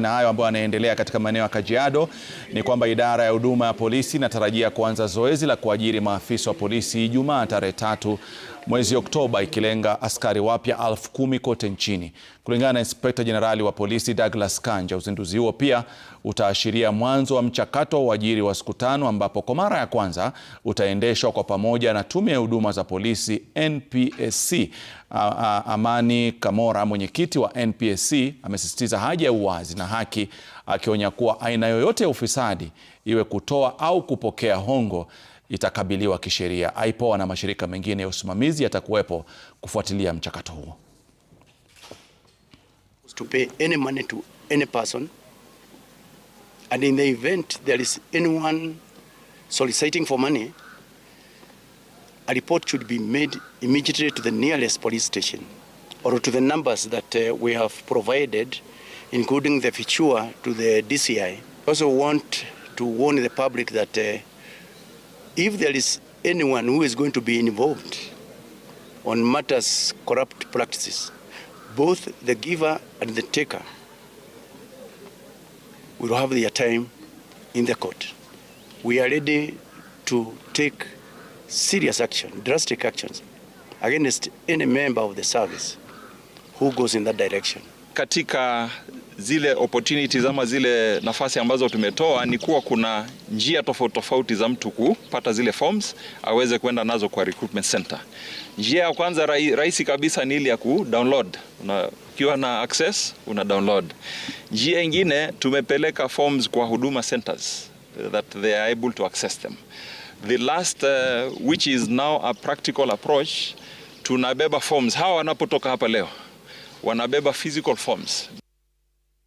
na hayo ambayo yanaendelea katika maeneo ya Kajiado ni kwamba idara ya huduma ya polisi inatarajia kuanza zoezi la kuajiri maafisa wa polisi Ijumaa tarehe tatu mwezi Oktoba ikilenga askari wapya elfu kumi kote nchini. Kulingana na Inspekta Jenerali wa Polisi Douglas Kanja, uzinduzi huo pia utaashiria mwanzo wa mchakato wa uajiri wa siku tano ambapo kwa mara ya kwanza utaendeshwa kwa pamoja na Tume ya Huduma za Polisi NPSC. Amani Kamora, mwenyekiti wa NPSC, amesisitiza haja ya uwazi na haki, akionya kuwa aina yoyote ya ufisadi, iwe kutoa au kupokea hongo, itakabiliwa kisheria. IPOA na mashirika mengine ya usimamizi yatakuwepo kufuatilia mchakato huo. To pay any money to any person and in the event there is anyone soliciting for money a report should be made immediately to the nearest police station or to the numbers that uh, we have provided including the feature to the DCI. I also want to warn the public that uh, If there is anyone who is going to be involved on matters corrupt practices, both the giver and the taker will have their time in the court. We are ready to take serious action, drastic actions against any member of the service who goes in that direction. Katika zile opportunities ama zile nafasi ambazo tumetoa ni kuwa kuna njia tofauti tofauti za mtu kupata zile forms aweze kwenda nazo kwa recruitment center. Njia ya kwanza rahisi kabisa ni ile ya kudownload. Ukiwa na access una download. Njia ingine tumepeleka forms kwa huduma centers eh, that they are able to access them. The last uh, which is now a practical approach, tunabeba forms hawa wanapotoka hapa leo wanabeba physical forms